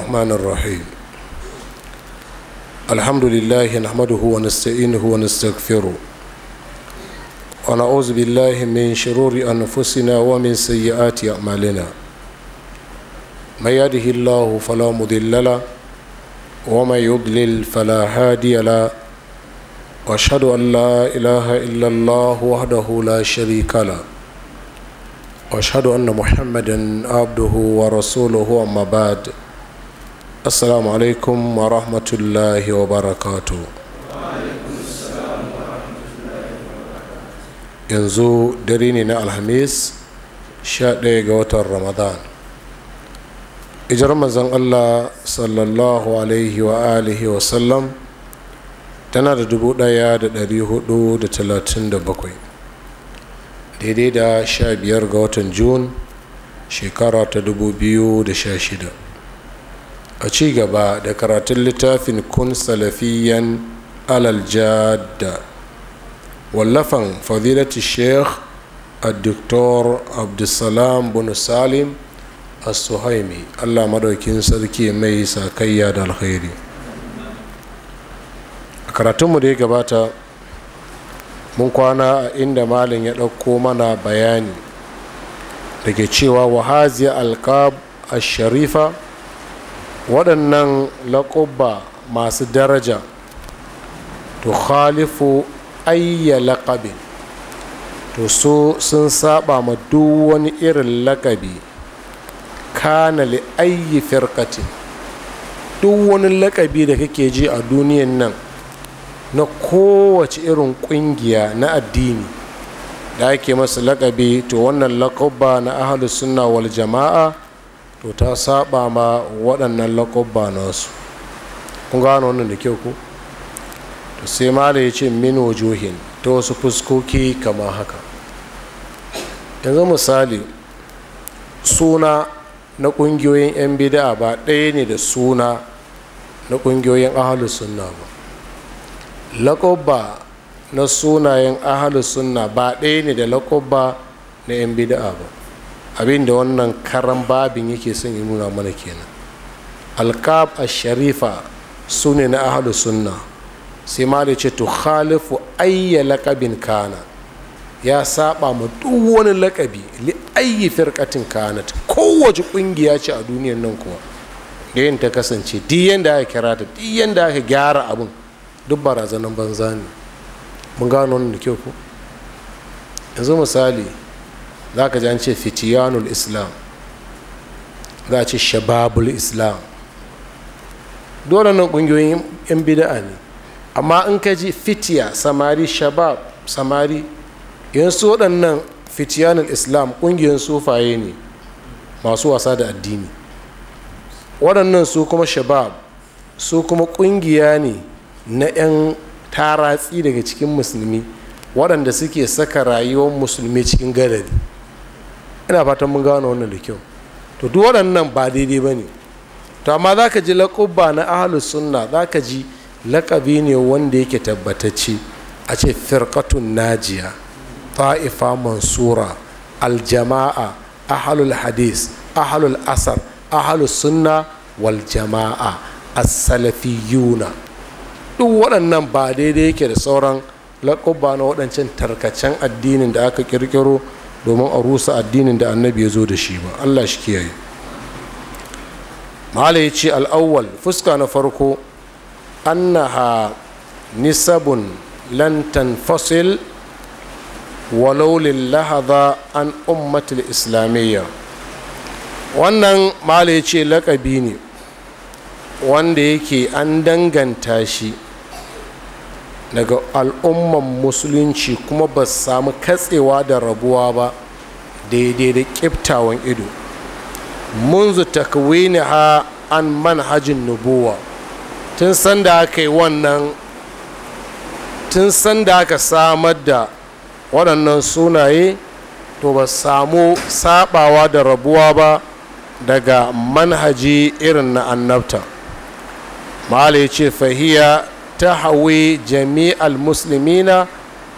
الرحمن الرحيم الحمد لله نحمده ونستعينه ونستغفره ونعوذ بالله من شرور أنفسنا ومن سيئات أعمالنا ما يده الله فلا مضل له وما يضلل فلا هادي له واشهد ان لا اله الا الله وحده لا شريك له واشهد ان محمدا عبده ورسوله اما بعد assalamu alaikum wa rahmatullahi wa barakatu yanzu dare ne na alhamis sha daya ga watan ramadan ijar mazan allah sallallahu alaihi wa alihi wa sallam tana da da talatin bakwai daidai da sha biyar ga watan jun shekara ta dubu biyu da sha shida. a ci gaba da karatun littafin kun salafiyan alal jadda wallafan fadilati sheikh addiktor abdulsalam bin salim as-suhaimi allah madaukin sarki mai sakayya da alkhairi a karatunmu da ya gabata mun kwana a inda malin ya ɗauko mana bayani da ke cewa wahaziya alkab a sharifa waɗannan laƙubba masu daraja to khalifu ayya laƙabin to so sun saba ma duk wani irin laƙabi kana li ayyi firkatin duk wani laƙabi da kake ji a duniyan nan na kowace irin ƙungiya na addini da ake masa laƙabi to wannan laƙabba na ahalus sunna wal jama'a to ta saba ma waɗannan lakobba nasu kun gano wannan da kyau ku to sai mala ya ce min wajohin ta wasu fuskoki kama haka yanzu misali suna na ƙungiyoyin 'yan bida ba ɗaya ne da suna na ƙungiyoyin ahalus sunna ba lakobba na sunayen ahalus sunna ba ɗaya ne da lakobba na 'yan bida'a ba abin da wannan karan babin yake son ya nuna mana kenan alkab a sharifa su ne na ahalu sunna sai mali ce to khalifu ayya laƙabin kana ya saba ma duk wani lakabi li ayyi firkatin kana kowace ƙungiya ce a duniyar nan kuwa da yin ta kasance duk yanda aka kira ta duk yanda aka gyara abin duk barazanan banza ne mun gano wannan da kyau ko yanzu misali za ka ji an ce fitiyanul islam za a ce shababul islam dole nan ƙungiyoyin 'yan bida'a ne amma in ka ji fitiya samari shabab samari yansu waɗannan fitiyanul islam ƙungiyar sufaye ne masu wasa da addini waɗannan su kuma shabab su kuma ƙungiya ne na 'yan taratsi daga cikin musulmi waɗanda suke saka rayuwar musulmi cikin gadari ina fata mun gano wannan da kyau to duk waɗannan ba daidai ba ne to amma za ka ji laƙubba na ahalus sunna za ka ji laƙabi ne wanda yake tabbatacce a ce firkatun najiya ta'ifa mansura aljama'a ahalul hadis ahalul asar ahalus sunna wal jama'a as-salafiyuna duk waɗannan ba daidai yake da sauran laƙubba na waɗancan tarkacen addinin da aka ƙirƙiro domin a rusa addinin da annabi ya zo da shi ba allah shi kiyaye mahala ya ce al'awwal fuska na farko annaha nisabun lantan fasil walaulin lahaza an ummatul islamiyya wannan mahala ya ce lakabi ne wanda yake an danganta shi daga al'umman musulunci kuma ba samu katsewa da rabuwa ba daidai da ƙiftawan ido munzu ha an manhajin nubuwa tun sanda aka yi wannan tun da aka samar da waɗannan sunaye to ba samu sabawa da rabuwa ba daga manhaji irin na annabta mahala ya ce fahiya ta hawi jami'al musulmina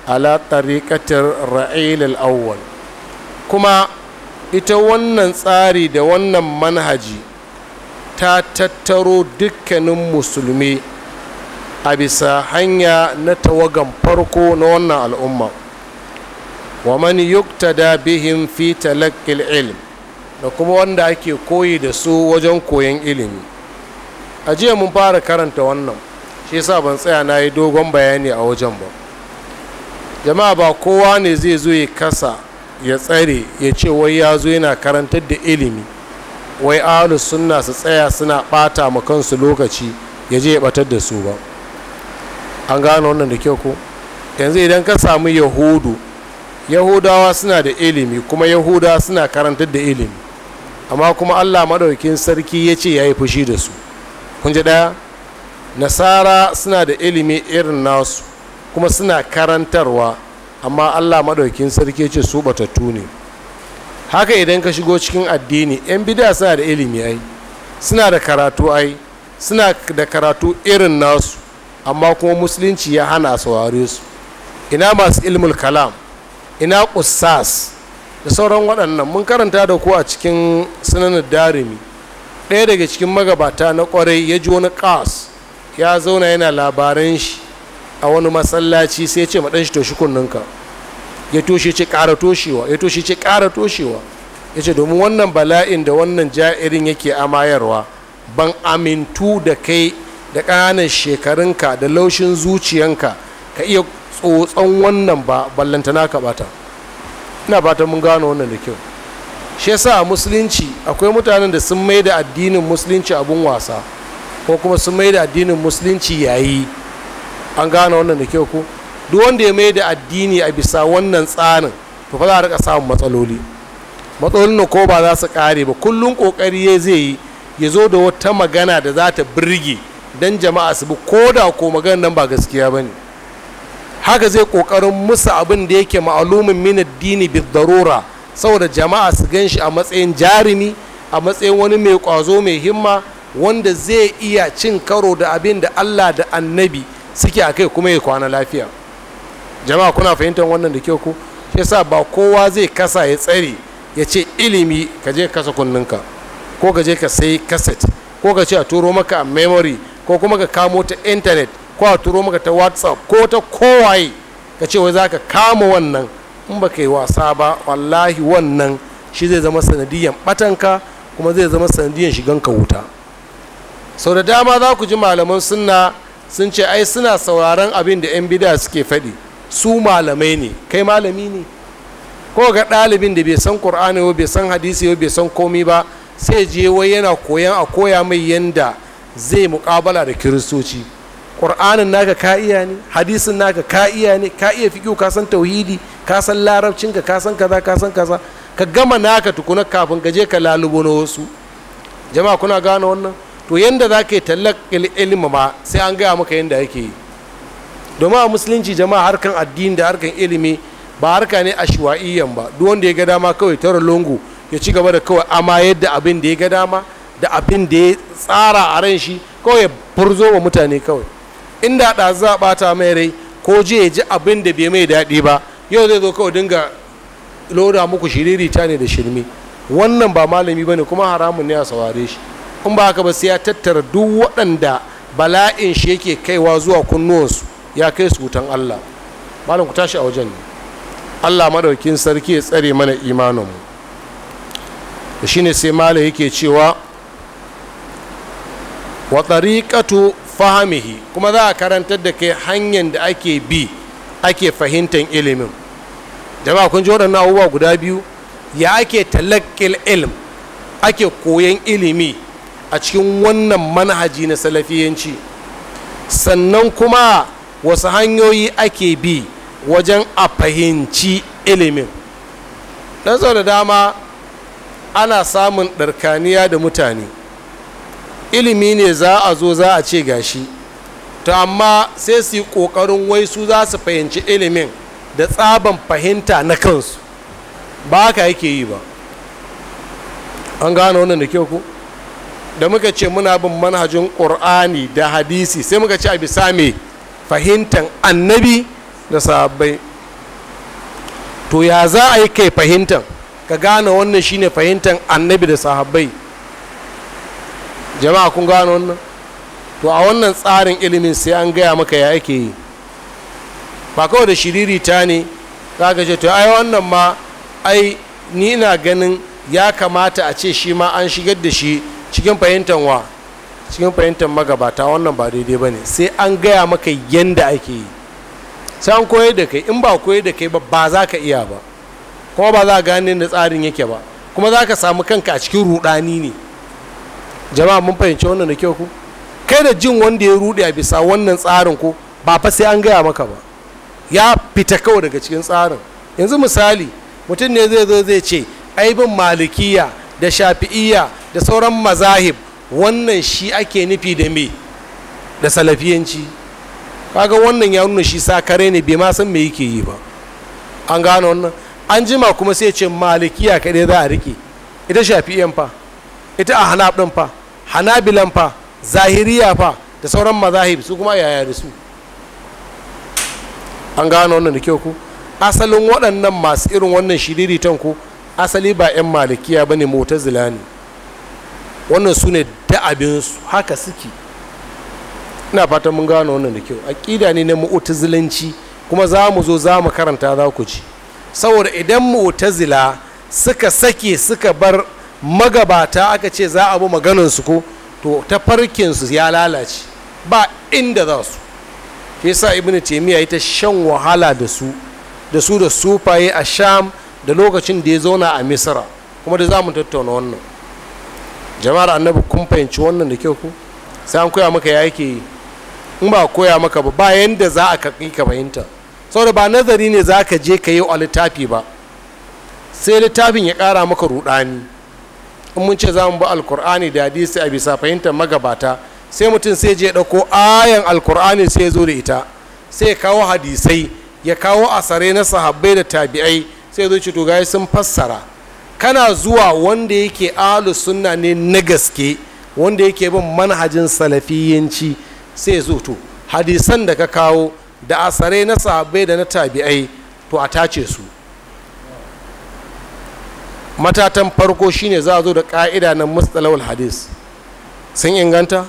ala tariƙatar ra'il al'awwal kuma ita wannan tsari da wannan manhaji ta tattaro dukkanin musulmi a bisa hanya na tawagan farko na wannan al'umma wa man yuktada bihim fi talaqqil ilm da kuma wanda ake koyi da su wajen koyon ilimi a jiya mun fara karanta wannan shi yasa ban tsaya na yi dogon bayani a wajen ba jama'a ba kowa ne zai zo ya kasa ya tsare ya ce wai ya zo yana karantar da ilimi wai ahlus sunna su tsaya suna bata ma kansu lokaci ya je ya batar da su ba an gano wannan da kyau ko yanzu idan ka samu yahudu yahudawa suna da ilimi kuma yahudawa suna karantar da ilimi amma kuma allah maɗaukin sarki ya ce ya yi fushi da su kun ji ɗaya nasara suna da ilimi irin nasu kuma suna karantarwa amma allah maɗaukin sarki ce su batattu ne haka idan ka shigo cikin addini 'yan bida suna da ilimi ai suna da karatu ai suna da karatu irin nasu amma kuma musulunci ya hana saurare su ina masu ilmul kalam ina kusas da sauran waɗannan mun karanta da ku a cikin sunanin darimi ɗaya daga cikin magabata na ƙwarai ya ji wani ƙas ya zauna yana labaran shi a wani masallaci sai ce maɗan shi toshi kunninka ya toshe ce ƙara toshewa ya toshe ce ƙara toshewa ya ce domin wannan bala'in da wannan ja'irin yake amayarwa ban amintu da kai da ƙananan shekarunka da laushin zuciyanka ka iya tsotson wannan ba ballantana ka bata ina fatan mun gano wannan da kyau shi yasa a musulunci akwai mutanen da sun mai da addinin musulunci abun wasa ko kuma sun mai da addinin musulunci yayi an gane wannan da kyau ko duk wanda ya mai da addini a bisa wannan tsarin to fa za a rika samun matsaloli matsalolin da ko ba za su kare ba kullum kokari ya zai yi ya zo da wata magana da za ta birge don jama'a su bi ko da ko magana nan ba gaskiya ba ne haka zai kokarin musu abin da yake ma'alumin min addini bi darura saboda jama'a su gan shi a matsayin jarumi a matsayin wani mai kwazo mai himma wanda zai iya cin karo da abin da Allah da annabi suke a kai kuma ya kwana lafiya jama'a kuna fahimtar wannan da kyau ku shi sa ba kowa zai kasa ya tsare ya ce ilimi ka je kasa kunninka ko ka je ka sai kaset ko ka ce a turo maka a memory ko kuma ka kamo ta intanet ko a turo maka ta whatsapp ko ta kowaye ka ce wai za ka kama wannan in ba ka yi wasa ba wallahi wannan shi zai zama sanadiyan batanka kuma zai zama sanadiyan shiganka wuta sau da dama za ku ji malaman sunna sun ce ai suna sauraron abin da 'yan bida suke faɗi su malamai ne kai malami ne ko ga ɗalibin da bai san ƙur'ani ba bai san hadisi ba bai san komi ba sai je wai yana koyan a koya mai yanda zai muƙabala da kiristoci ƙur'anin naka ka iya ne hadisin naka ka iya ne ka iya fiƙo ka san tauhidi ka san larabcinka ka san kaza ka san kaza ka gama naka tukuna kafin ka je ka lalubo na wasu jama'a kuna gane wannan to yadda za ka yi tallar ilimi ba sai an gaya maka yanda yake yi domin a musulunci jama'a harkan addini da harkan ilimi ba harka ne a shuwa'iyyan ba duk wanda ya ga dama kawai tara longo ya ci gaba da kawai amma yadda abin da ya ga dama da abin da ya tsara a ran shi kawai ya furzo wa mutane kawai inda da za a bata mai rai ko je ya ji abin da bai mai daɗi ba yau zai zo kawai dinga loda muku shiriri ta ne da shirme wannan ba malami ba ne kuma haramun ne a saurare shi in ba haka ba sai ya tattara duk waɗanda bala'in shi yake kaiwa zuwa kunnuwansu ya kai su wutan Allah malam ku tashi a wajen ne Allah madaukin sarki ya tsare mana imaninmu da shi ne sai malam yake cewa wa tariqatu fahimihi kuma za a karantar da kai hanyar da ake bi ake fahimtar ilimin jama'a kun ji waɗannan abubuwa guda biyu ya ake talakkil ilm ake koyan ilimi a cikin wannan manhaji na salafiyanci sannan kuma wasu hanyoyi ake bi wajen a fahimci ilimin don sau da dama ana samun ɗarkaniya da mutane ilimi ne za a zo za a ce gashi to amma sai su yi ƙoƙarin wai su za su fahimci ilimin da tsaban fahimta na kansu ba haka yake yi ba an gane wannan da kyau ku da muka ce muna bin manhajin ƙur'ani da hadisi sai muka ce a bisa mai fahimtar annabi da sahabbai to ya za a yi kai fahimtar ka gane wannan shine fahimtar annabi da sahabbai jama'a kun gane wannan to a wannan tsarin ilimin sai an gaya maka ya ake yi ba kawai da shiririta ne za ka ce to ai wannan ma ai ni na ganin ya kamata a ce shi ma an shigar da shi cikin fahimtar wa cikin fahimtar magabata wannan ba daidai ba ne sai an gaya maka yadda ake yi sai an koyar da kai in ba koyar da kai ba ba za ka iya ba kuma ba za ka gane da tsarin yake ba kuma za ka samu kanka a cikin rudani ne jama'a mun fahimci wannan da kyau ku kai da jin wanda ya rude a bisa wannan tsarin ko ba fa sai an gaya maka ba ya fita kawai daga cikin tsarin yanzu misali mutum ne zai zo zai ce ai bin malikiya da shafi'iyya da sauran mazahib wannan shi ake nufi da me da salafiyanci kaga wannan ya nuna shi sakare ne bai ma san me yake yi ba an gano wannan an jima kuma sai ce malikiya kaɗai za a rike ita shafi'iyan fa ita a hanab din fa hanabilan fa zahiriya fa da sauran mazahib su kuma yaya da su an gano wannan da kyau ku asalin waɗannan masu irin wannan tan ku asali ba 'yan malikiya ba ne zila ne wannan su ne da'abinsu haka suke ina fatan mun gano wannan da kyau aƙida ne na mu'tazilanci kuma za mu zo za mu karanta za ku ji saboda idan mu'tazila suka sake suka bar magabata aka ce za a bi maganansu ko to ta su ya lalace ba inda za su fi sa ibnu taymiya ita shan wahala da su da su da sufaye a sham da lokacin da ya zauna a misira kuma da za mu tattauna wannan jama'ar annabi kun fahimci wannan da kyau ku sai an koya maka ya yake yi in ba koya maka ba ba yanda za a karɓi ka fahimta saboda ba nazari ne za ka je ka yi a littafi ba sai littafin ya kara maka ruɗani in mun ce za mu bi alkur'ani da hadisi a bisa fahimtar magabata sai mutum sai je ɗauko ayan alkur'ani sai ya zo da ita sai ya kawo hadisai ya kawo asare na sahabbai da tabi'ai sai zuci to gai sun fassara kana zuwa wanda yake alu sunna ne na gaske wanda yake bin manhajin salafiyanci sai zo hadisan da ka kawo da asare na sahabbai da na tabi'ai to a tace su matatan farko shine za zo da ka'ida na mustalawul hadis sun inganta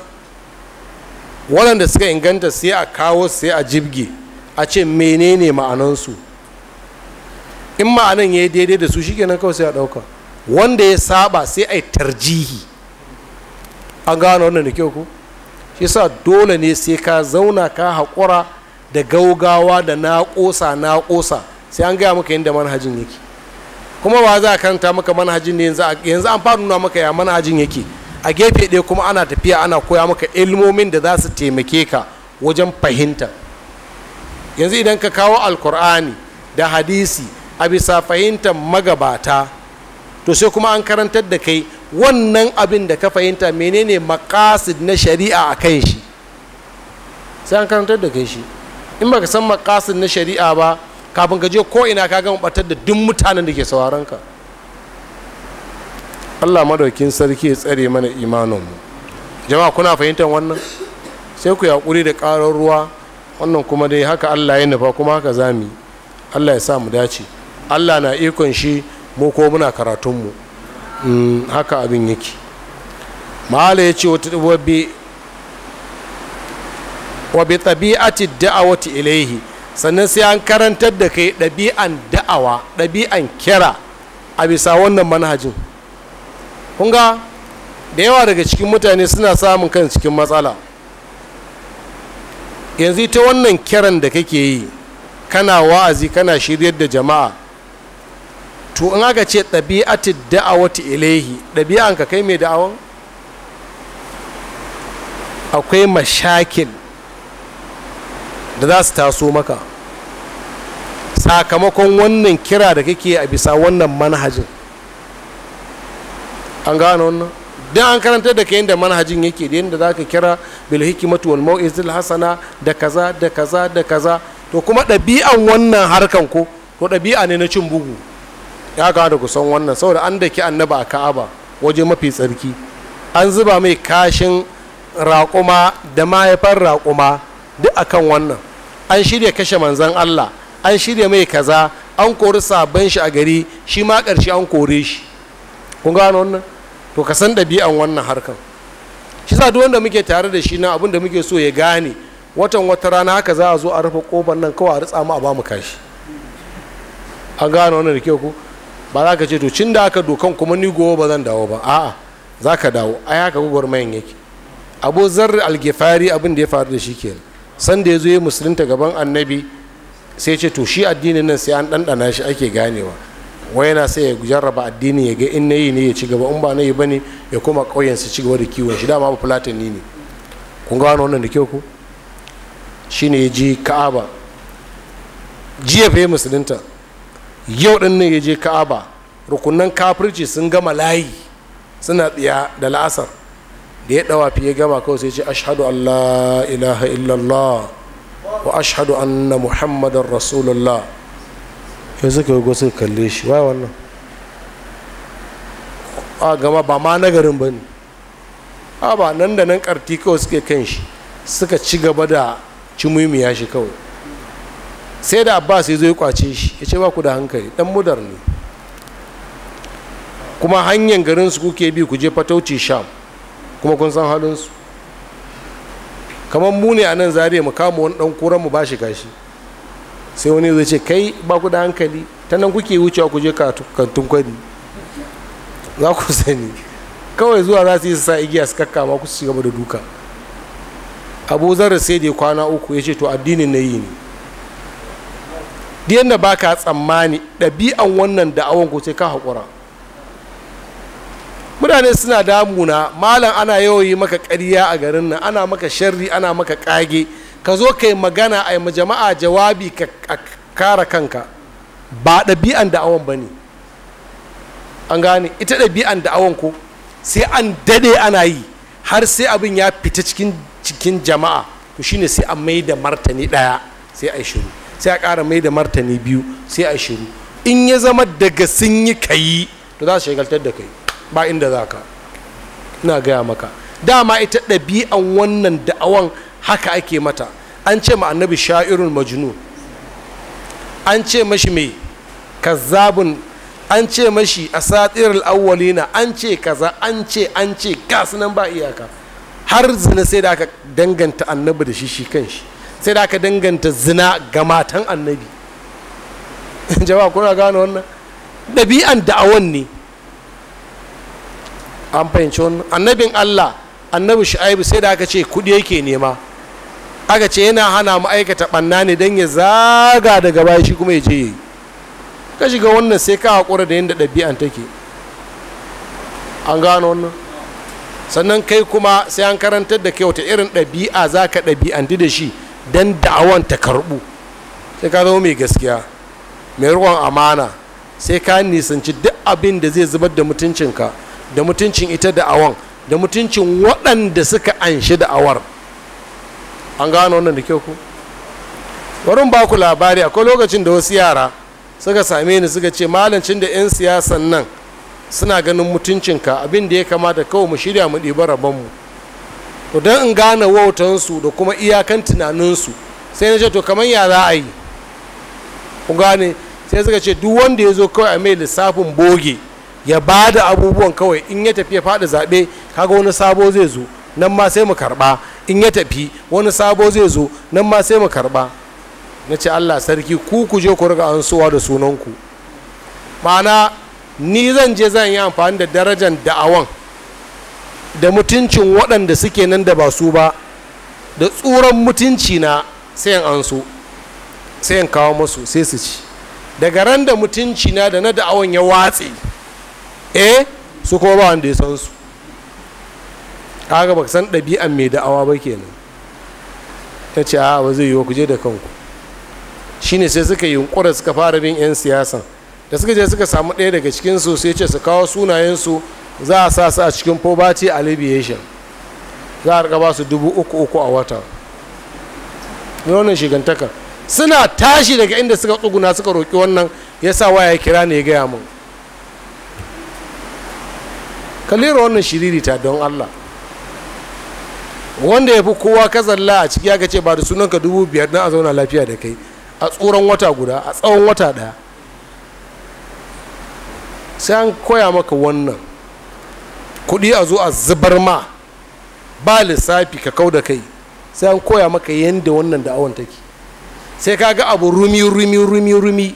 waɗanda suka inganta sai a kawo sai a jibge a ce menene ma'anansu in ma'anan ya yi daidai da su shikenan kawai sai a ɗauka wanda ya saba sai a yi tarjihi an gano wannan da kyau ko shi sa dole ne sai ka zauna ka haƙura da gaugawa da na ƙosa na ƙosa sai an gaya maka yadda manhajin yake kuma ba za a kanta maka manhajin ne yanzu an fara nuna maka ya manhajin yake a gefe ɗaya kuma ana tafiya ana koya maka ilmomin da za su taimake ka wajen fahimta yanzu idan ka kawo alkur'ani da hadisi a bisa fahimtar magabata to sai kuma an karantar da kai wannan abin da ka fahimta menene makasid na shari'a a kan shi sai an karantar da kai shi in baka san makasid na shari'a ba kafin ka je ko ina ka gama batar da duk mutanen da ke sauraron ka Allah madaukin sarki ya tsare mana imaninmu jama'a kuna fahimtar wannan sai ku yaƙuri da ƙarar ruwa wannan kuma dai haka Allah ya nufa kuma haka zami Allah ya sa mu dace allah na ikon shi mu ko muna karatunmu mm, haka abin yake ma'ala ya ce wa bi tabi'ati da'awati ilaihi sannan sai an karantar da kai ɗabi'an da'awa ɗabi'an kira a bisa wannan manhajin kunga da yawa daga cikin mutane suna samun kan cikin matsala yanzu ta wannan kiran da kake yi kana wa'azi kana shiryar da jama'a to in aka ce ɗabi'ati da'awati ilaihi ɗabi'an ka kai mai da'awan akwai mashakil da za su taso maka sakamakon wannan kira da kake a bisa wannan manhajin an gano wannan don an karanta da ka yadda manhajin yake da yadda za ka kira bil hikimatu wal hasana da kaza da kaza da kaza to kuma ɗabi'an wannan harkan ko to ɗabi'a ne na cin bugu ya kamata ku san wannan saboda an daki annaba a ka'aba waje mafi tsarki an zuba mai kashin raƙuma da mahaifar raƙuma duk akan wannan an shirya kashe manzan allah an shirya mai kaza an kori sabon shi a gari shi ma ƙarshe an kore shi kun gano wannan to ka san ɗabi'an wannan harkar shi sa duk muke tare da shi na abin da muke so ya gane watan wata rana haka za a zo a rufe kofar nan kawai a ritsa mu a bamu kashi an gane wannan da kyau ko ba za ka ce to cin da aka dokan kuma ni gowa ba zan dawo ba a'a za ka dawo ai haka mayan yake abu zarri algefari abin da ya faru da shi ke sanda ya zo ya musulunta gaban annabi sai ce to shi addinin nan sai an ɗanɗana shi ake ganewa wai yana sai ya jarraba addini ya ga in na yi ne ya ci gaba in ba na yi bane ya koma ƙauyen su ci gaba da kiwon shi dama ba fulatani ne kun gano wannan da kyau ko shine ya ji ka'aba jiya fa musulunta yau ɗin nan ya je ka'aba rukunan kafirci sun gama layi suna tsaya da la'asar da ya ɗawa fiye gama kawai sai ce ashadu allah ilaha illallah wa ashadu anna muhammadan rasulullah ya suka yi suka kalle shi wa wannan a gama ba ma nagarin ba ne a ba nan da nan karti kawai suke kan shi suka ci gaba da cimimiya shi kawai sai da abbas ya zo ya kwace shi ya ce ba ku da hankali dan mudar ne kuma hanyar garin su kuke bi ku je fatauci sham kuma kun san halin su kamar mu ne a nan zare mu kama wani dan kuran mu bashi gashi sai wani zai ce kai ba ku da hankali ta nan kuke wucewa ku je kantun kwari za ku sani kawai zuwa za su yi sa igiya su kakkama ku su gaba da duka abu zarar sai da kwana uku ya ce to addinin na yi ne da yadda ba ka tsammani ɗabi'an wannan da'awan ko sai ka haƙura mutane suna damuna malam ana yawan yi maka ƙarya a garin nan ana maka sharri ana maka ƙage ka zo ka yi magana a yi jama'a jawabi ka kara kanka ba ɗabi'an da'awan ba ne an gane ita ɗabi'an da'awan ko sai an dade ana yi har sai abin ya fita cikin cikin jama'a to shine sai an mai da martani ɗaya sai a yi shiru sai a ƙara mai da martani biyu sai a shiru in ya zama daga sun yi kayi to za su shagaltar da kai ba inda za ka ina gaya maka dama ita ɗabi'an wannan da'awan haka ake mata an ce ma annabi sha'irun majinu an ce mashi mai kazzabun an ce mashi a satirul awwalina an ce kaza an ce an ce gas nan ba iyaka har zina sai da aka danganta annabi da shi shi kanshi sai da aka danganta zina ga matan annabi jama'a kuna gano wannan ɗabi'an da'awan ne an fahimci wannan annabin allah annabi shu'aibu sai da aka ce kuɗi yake nema aka ce yana hana ma'aikata ɓanna ne don ya zaga daga baya shi kuma ya je yi ka shiga wannan sai ka haƙura da yadda ɗabi'an take an gano wannan sannan kai kuma sai an karantar da kyauta irin ɗabi'a za ka ɗabi'anti da shi Dan da'awan ta karbu sai ka zama mai gaskiya mai ruwan amana sai ka nisanci duk abin da zai zubar da mutuncinka da mutuncin ita da'awan da mutuncin waɗanda suka anshi da'awar an gano wannan da kyau ku warin ba ku labari akwai lokacin da wasu yara suka same ni suka ce malancin da 'yan siyasan nan suna ganin mutuncinka abin da ya kamata kawai mu shirya mu ɗiba rabonmu to don in gane wautansu da kuma iyakan tunaninsu sai na ce to kamar ya za a yi ku gane sai suka ce duk wanda ya zo kawai a mai lissafin boge ya ba da abubuwan kawai in ya tafi ya faɗi zaɓe kaga wani sabo zai zo nan ma sai mu karɓa in ya tafi wani sabo zai zo nan ma sai mu karɓa na ce allah sarki ku ku je ku riga ansuwa da sunanku ma'ana ni zan je zan yi amfani da darajar da'awan da mutuncin waɗanda suke nan da ba su ba da tsuran mutunci na sai an so sai kawo masu sai su ci daga ran da mutunci na da na da'awan ya watse eh su kuma ba wanda ya san su kaga baka san ɗabi'an mai da'awa ba kenan ta ce a ba zai yi ku je da kanku shine sai suka yi yunkura suka fara bin 'yan siyasan da suka je suka samu ɗaya daga cikin su sai ce su kawo sunayen su za a sa su a cikin poverty alleviation za a ba su dubu uku uku a wata wannan shigantakar suna tashi daga inda suka tsuguna suka roƙi wannan ya sa waya ya kira ne ya gaya mun kalira wannan shiririta don allah wanda ya fi kowa zalla a ciki aka ce ba da sunanka dubu biyar na a zauna lafiya da kai a tsoron wata guda a tsawon wata ɗaya sai an koya maka wannan kuɗi a zo a zubar ma ba lissafi ka kau da kai sai an koya maka yadda wannan da'awan take sai ka ga abu rumi rumi rumi rumi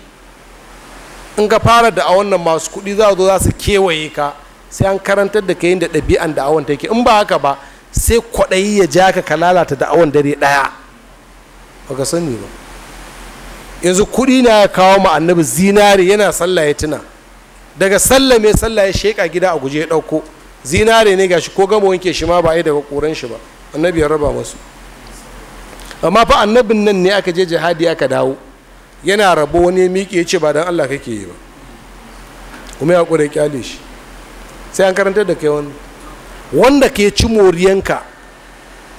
in ka fara da'awan nan masu kuɗi za zo za su kewaye ka sai an karantar da ka da ɗabi'an da'awan take in ba haka ba sai kwaɗayi ya ja ka ka lalata da'awan dare ɗaya ba ka sani ba yanzu kuɗi na ya kawo ma annabi zinari yana sallah ya tuna daga sallah mai sallah ya sheƙa gida a guje ya ɗauko zinare ne gashi ko gama wanke shi ma ba yi daga koran shi ba annabi ya raba masu amma fa annabin nan ne aka je jihadi aka dawo yana rabo wani miƙe ya ce ba dan Allah kake yi ba kuma ya kure kyale shi sai an karanta da kai wani wanda ke ci moriyanka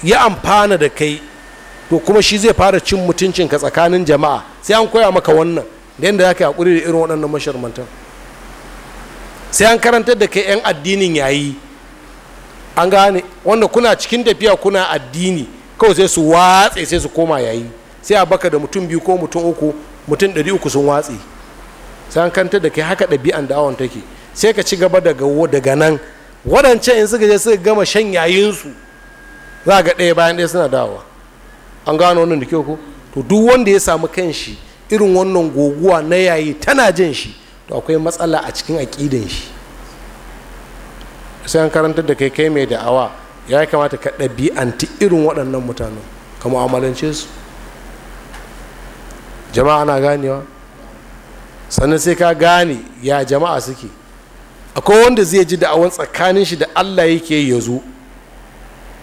ya amfana da kai to kuma shi zai fara cin mutuncinka tsakanin jama'a sai an koya maka wannan da yadda za ka yi haƙuri da irin waɗannan masharmantan sai an karantar da kai 'yan addinin yayi an gane wanda kuna cikin tafiya kuna addini kawai sai su watse sai su koma yayi sai a baka da mutum biyu ko mutum uku mutum ɗari uku sun watse sai an karantar da kai haka ɗabi'an da awon take sai ka ci gaba daga nan waɗancan in suka je suka gama shan yayinsu za ga ɗaya bayan ɗaya suna dawowa an gano wannan da kyau ko to duk wanda ya samu kanshi irin wannan goguwa na yayi tana jin shi to akwai matsala a cikin aƙidan shi sai an karanta da kai kai mai da'awa ya kamata ka ɗabi'anti irin waɗannan mutanen ka mu'amalance su jama'a na ganewa sannan sai ka gane ya jama'a suke akwai wanda zai ji da'awan tsakanin shi da allah yake ya zo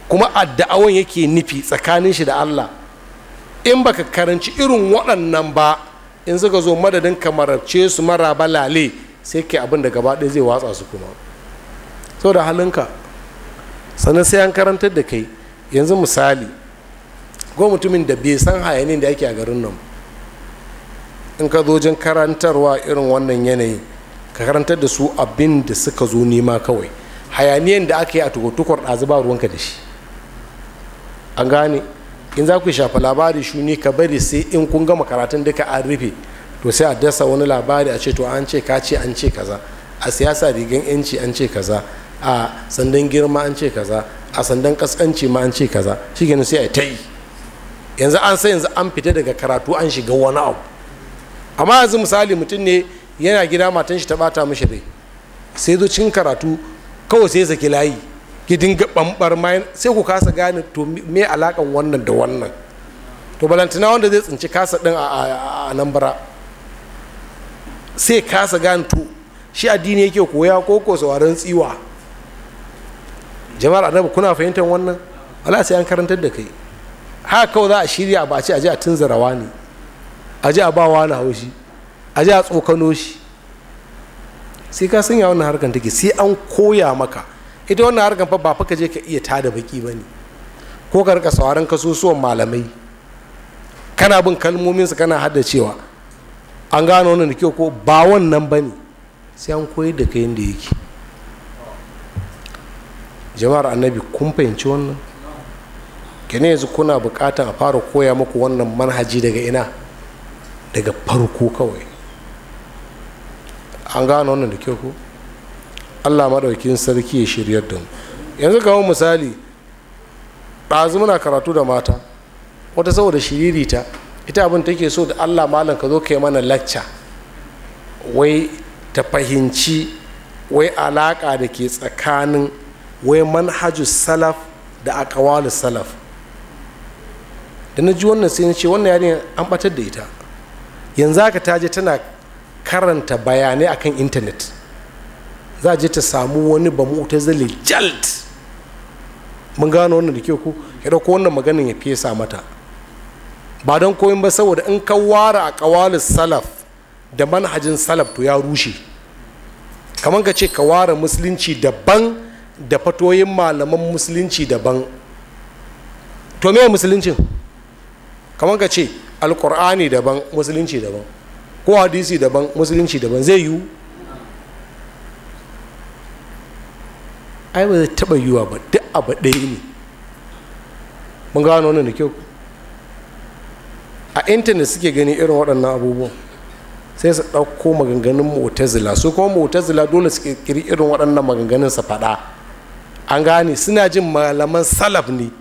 kuma a da'awan yake nufi tsakanin shi da allah in baka karanci irin waɗannan ba in suka zo madadin kamarabce su mara balale sai ke abin da gaba ɗaya zai watsa su kuma sau da halinka sannan sai an karantar da kai yanzu misali ko mutumin da bai san hayanin da ake a garin nan in ka zo jin karantarwa irin wannan yanayi ka karantar da su abin da suka zo nema kawai hayaniyan da aka yi a tukur ɗazu ba ruwanka da shi an gane in za ku shafa labari ne ka bari sai in kun gama karatun duka an rufe to sai a dasa wani labari a ce to an ce ka ce an ce kaza a siyasa rigan yanci an ce kaza a sandan girma an ce kaza a sandan kaskanci ma an ce kaza shikenan sai a ta yi yanzu an sai yanzu an fita daga karatu an shiga wani abu amma yanzu misali mutum ne yana gida matan shi ta bata mishi rai sai zo cin karatu kawai sai saki layi ki dinga bambar mayan sai ku kasa gane to me alakan wannan da wannan to balantina wanda zai tsinci kasa din a bara sai kasa gane to shi addini yake koya ko ko sauraron tsiwa jama'ar annabi kuna fahimtar wannan wala sai an karantar da kai haka kawai za a shirya ba a ce a ji a tunzara ne a ji a ba wani haushi a ji a tsokano shi sai ka sanya wannan harkar take sai an koya maka ita wannan harkar fa ba fa ka je ka iya tada baki ba ne ko ka rika sauran kasusuwan malamai kana bin kalmomin su kana hada cewa an gano wannan da kyau ko ba wannan ba ne sai an koyar da kai yadda yake jama'ar annabi kun fahimci wannan kene yanzu kuna buƙatar a fara koya muku wannan manhaji daga ina daga farko kawai an gano wannan da kyau ko allah maɗaukin sarki ya shiryar da mu yanzu kawo misali ɗazu muna karatu da mata wata saboda shiririta ita abin take so da allah malam ka zo ka yi mana lacca wai ta fahimci wai alaƙa da ke tsakanin wai manhaju salaf da akawalu salaf da na ji wannan sai na ce wannan yarinya an batar da ita yanzu haka ta je tana karanta bayanai akan intanet za je ta samu wani ba mu ta zale jalt mun gano wannan da ke ku ya dauko wannan maganin ya fesa mata ba don koyin ba saboda in ka ware a kawalin salaf da manhajin salaf to ya rushe kamar ka ce ka ware musulunci daban da fatoyin malaman musulunci daban to me musuluncin kamar ka ce alkur'ani daban musulunci daban ko hadisi daban musulunci daban zai yiwu ai ba zai taɓa yiwa ba duk abu ɗaya ne mun gano wannan da kyau a intanet suke gani irin waɗannan abubuwan sai su ɗauko maganganun mutazila su kuma mutazila dole su kirkiri irin waɗannan maganganun su faɗa an gane suna jin malaman salaf ne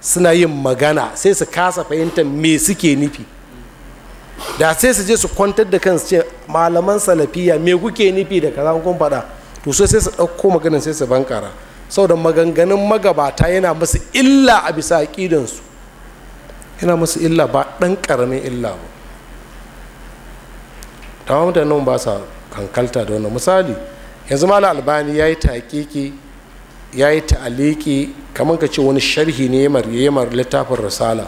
suna yin magana sai su kasa fahimta me suke nufi da sai su je su kwantar da kansu ce malaman salafiya me kuke nufi da kaza kun faɗa to sai sai su ɗauko maganin sai su bankara saboda maganganun magabata yana masu illa a bisa aƙidansu yana masu illa ba ɗan ƙaramin illa ba dama mutanen ba sa hankalta da wannan misali yanzu mala albani ya yi taƙiƙi ya yi ta'aliki kamar ka ce wani sharhi ne yamar yamar littafin risala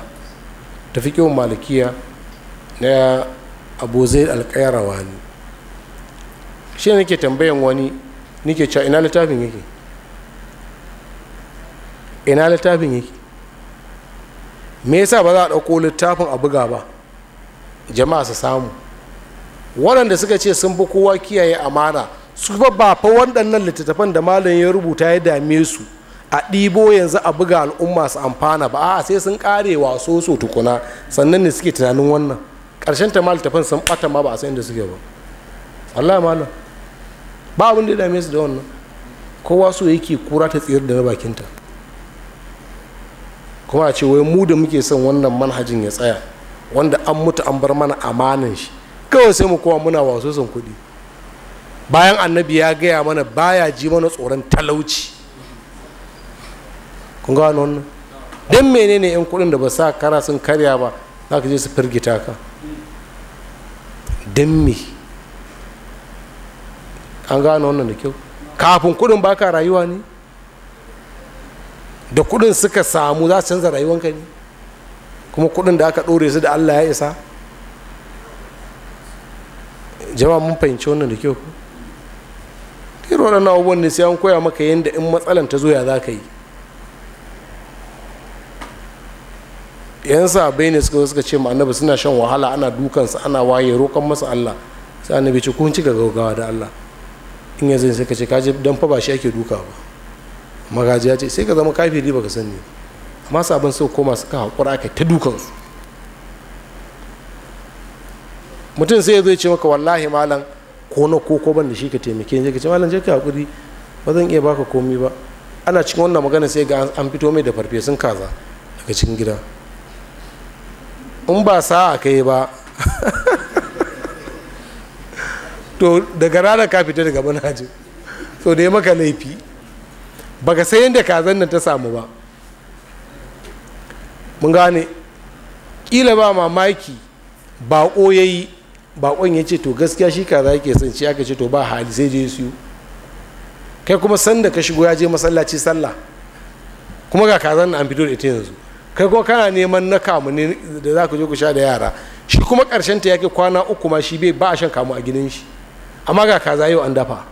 ta fi kiwon malikiya na abu zai alƙayarawa ne shi ne ke tambayan wani nike cewa ina littafin yake ina littafin yake me yasa ba za a ɗauko littafin a buga ba jama'a su samu waɗanda suka ce sun fi kowa kiyaye amana su fa ba fa waɗannan littattafan da malam ya rubuta ya dame su a ɗibo yanzu a buga al'umma su amfana ba a sai sun ƙare wa so tukuna sannan ne suke tunanin wannan ƙarshen ta ma littattafan sun ɓata ma ba a san inda suke ba Allah malam ba abin da ya dame su da wannan kowa so yake kura ta tsayar da na bakinta kuma a ce wai mu da muke son wannan manhajin ya tsaya wanda an mutu an bar mana amanan shi kawai sai mu kowa muna wasu son kuɗi bayan annabi ya gaya mana baya ji mana tsoron talauci kun ga wannan don menene yan kuɗin da ba sa kara sun karya ba za ka je su firgita ka don me an gano wannan da kyau kafin kudin baka rayuwa ne da kudin suka samu za su canza rayuwanka ne kuma kudin da aka ɗore su da allah ya isa jama'a mun fahimci wannan da kyau irin waɗannan abubuwan ne sai an koya maka yadda in matsalan ta zoya za ka yi yan sahabbai ne suka suka ce annabi suna shan wahala ana dukansa ana waye roƙon masa allah sai annabi ce kun ci gaggawa da allah in yanzu sai ka ce kaji don fa ba shi ake duka ba magaji ya ce sai ka zama kafiri baka sani amma sabon sau koma ka haƙura aka ta dukansu mutum sai ya zo ya ce maka wallahi malam ko na ko ko ban da shi ka taimake ne ka ce malam je ka haƙuri ba zan iya baka komi ba ana cikin wannan magana sai ga an fito mai da farfesun kaza daga cikin gida in ba sa'a kai ba to daga rana ka fita daga manhajin so da ya maka laifi baka sai yadda kazan nan ta samu ba mun gane kila ba mamaki baƙo ya yi baƙon ya ce to gaskiya shi kaza yake son ci aka ce to ba hali sai je siyo kai kuma sanda ka shigo ya je masallaci sallah kuma ga kazan an fito da ita yanzu kai kuma kana neman na kamu ne da za ku je ku sha da yara shi kuma ƙarshen ta yake kwana uku ma shi bai ba a shan kamu a gidan shi amma ga kaza yau an dafa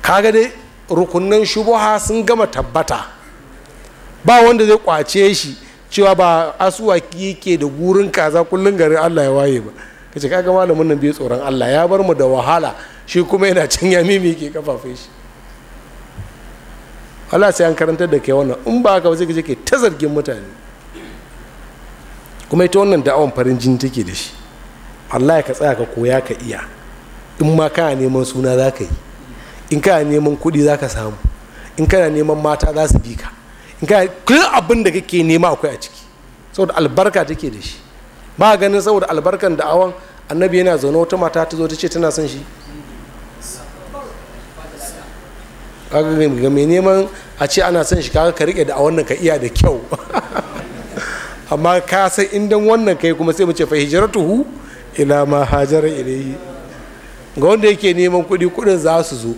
kaga dai rukunan shubuha sun gama tabbata ba wanda zai kwace shi cewa ba asuwa yake da gurin kaza kullum garin allah ya waye ba ka ce kaga malamin nan bai tsoron allah ya bar mu da wahala shi kuma yana can ya ke kafafe shi allah sai an karantar da ke wannan in ba ka ba sai ka ke ta zargin mutane kuma ita wannan da'awan farin jini take da shi allah ya ka tsaya ka koya ka iya in ma kana neman suna za ka yi in kana neman kuɗi za ka samu in kana neman mata za su bi ka in kana kullum abin da kake nema akwai a ciki saboda albarka take da shi ba ganin saboda albarkan da awon annabi yana zaune wata mata ta zo ta ce tana son shi ga mai neman a ce ana son shi kaga ka rike da a wannan ka iya da kyau amma ka san indan wannan kai kuma sai mu ce fa hijratuhu ila ma hajara ilayhi ga wanda yake neman kuɗi kuɗin za su zo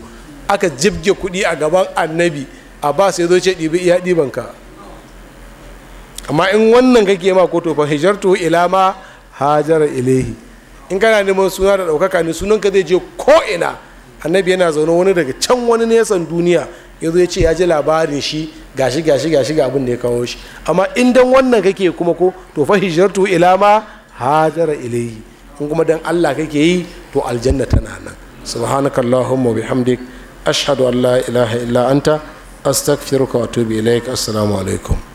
aka jibge kuɗi a gaban annabi abbas ya zo ce ɗibi iya ɗibanka amma in wannan kake ma ko tofa hijartu ila ma hajara ilaihi in kana neman suna da ɗaukaka ne sunanka zai je ko ina annabi yana zaune wani daga can wani nesan duniya ya zo ya ce ya ji labarin shi gashi gashi gashi ga abin da ya kawo shi amma in dan wannan kake kuma ko to fa hijratu ila ma hajara ilayhi in kuma dan Allah kake yi to aljanna tana nan subhanaka allahumma bihamdik ashhadu an la ilaha illa anta astaghfiruka wa atubu ilaik assalamu alaikum